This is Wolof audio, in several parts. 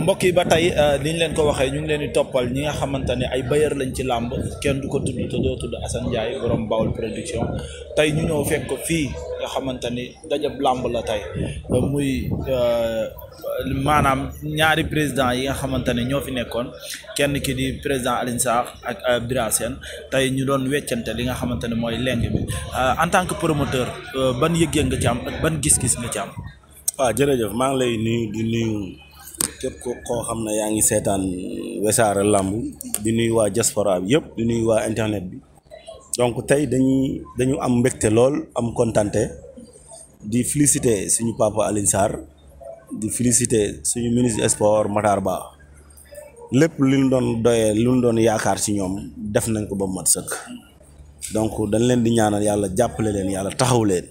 mbokk yi ba tey li euh, leen ko waxee ñu ngi leen di toppal ñi nga xamante ne ay bailleur lañ ci làmb kenn du ko tudd te doo tudd Assane Ndiaye borom Bawol production tey ñu ñëw fekk ko fii nga xamante ni dajab làmb la tey muy euh, maanaam ñaari président yi nga xamante ne ñoo fi nekkoon kenn ki di président Alioune Sarr ak euh, Bira Sène tey ñu doon weccante li nga xamante ne mooy leng bi en tant que promoteur ban yëg-yëg nga ci am ak ban gis-gis nga ci am. waaw ah, jërëjëf maa ngi lay nuyu di nuyu. képp ko koo xam ne yaa ngi seetaan euh, Wassare Lamb di nuyu waa diaspora bi yëpp di nuyu waa internet bi donc tey dañuy dañu am mbégte lool am kontante di féliciter suñu papa Alioune di féliciter suñu ministre sport Matar Ba lépp li ñu doon doyee li ñu doon yaakaar ci ñoom def nañ ko ba mat sëkk donc dañ leen di ñaanal yàlla jàppale leen yàlla taxaw leen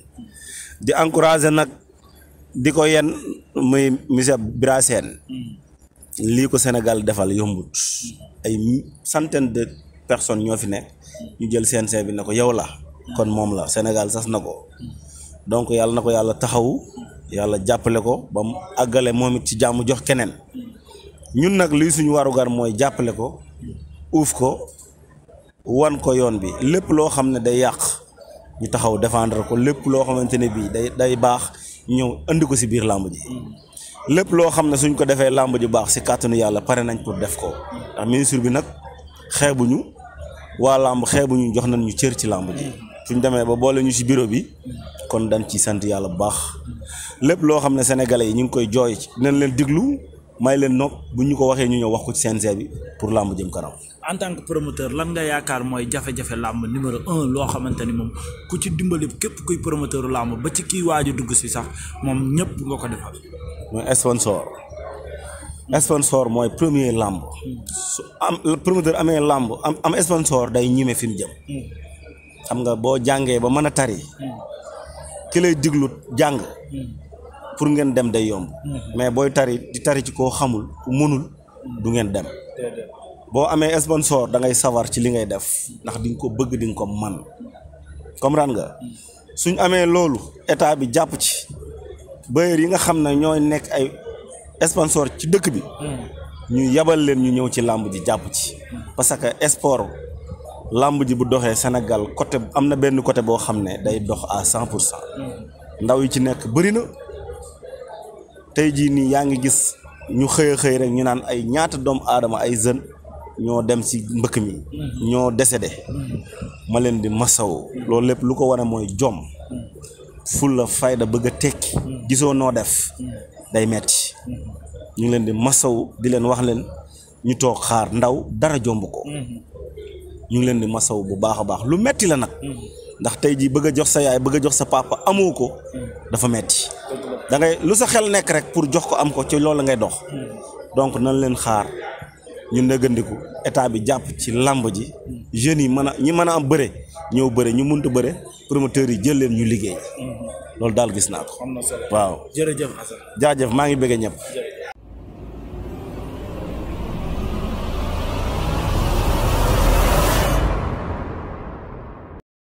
di encourager nag. di ko yenn muy mise Bira Sène lii ko Sénégal defal yombut ay centaine de personnes ñoo fi ne ñu jël CNG bi ne ko yow la kon moom la Sénégal sas na ko donc yàlla na ko yàlla taxawu yàlla jàppale ko ba mu àggale moom it ci jàmm jox keneen ñun nag lii suñu warugar mooy jàppale ko uuf ko wan ko yoon bi lépp loo xam ne day yàq ñu taxaw défendre ko lépp loo xamante ne bii day baax ñëw indi ko si biir làmb ji lépp loo xam ne suñ ko defee làmb ji baax si kàttanu yàlla pare nañ pour def ko ndax ministre bi nag xeebu ñu waa làmb ñu jox nañ ñu cër ci làmb ji suñ demee ba boole ñu si bureau bi kon dañ ci sant yàlla bu baax lépp loo xam ne sénégalais yi ñu ngi koy jooy ci dinañ leen diglu may leen nopp bu ñu ko waxee ñu ñëw wax ko ci CNG bi pour làmb jëm kanam. en tant que promoteur lan nga yaakaar mooy jafe-jafe làmb numéro un loo xamante ni moom ku ci dimbali képp kuy promoteur làmb ba ci kii waaju dugg si sax moom ñëpp nga ko defal. mooy sponsor. sponsor mooy premier làmb. su am promoteur amee làmb am am sponsor day ñime fi mu jëm. xam nga boo jàngee ba mën a tari. Hmm. ki lay diglu jàng. Hmm. pour ngeen dem day yomb mm-hmm. mais booy tari di tari ci koo xamul ku mënul du ngeen dem boo amee sponsor da ngay sawar ci li ngay def ndax di nga ko bëgg di nga ko man comme ran nga mm-hmm. suñ amee loolu état bi jàpp ci bailleurs yi nga xam ne ñooy nekk ay sponsor ci dëkk bi mm-hmm. ñu yabal leen ñu ñëw ci làmb ji jàpp ci parce que sport làmb ji bu doxee Sénégal côté am na benn côté boo xam ne day dox à cent pour cent ndaw yi ci nekk bëri tey jii nii yaa ngi gis ñu xëy xëy rek ñu naan ay ñaata doomu aadama ay jeunes ñoo dem si mbëkk mi ñoo décédé ma leen di masaw loolu lépp lu ko war a mooy jom fulla fayda bëgg a tekki gisoo noo def day metti ñu ngi leen di masaw di leen wax leen ñu toog xaar ndaw dara jomb ko ñu ngi leen di masaw bu baax a baax lu metti la nag ndax tey jii bëgg a jox sa yaay bëgg a jox sa papa amoo ko dafa metti da ngay lu sa xel nekk rek pour jox ko am ko ci loolu ngay dox donc nan leen xaar ñu nëggandiku état bi jàpp ci làmb ji jeunes yi mën a ñi mën a am bëre ñëw bëre ñu muntu bëre promoteurs yi jël leen ñu liggéey mm-hmm. loolu daal gis naa ko. am na solo waaw jërëjëf jaajëf maa ngi bëgg ñëpp.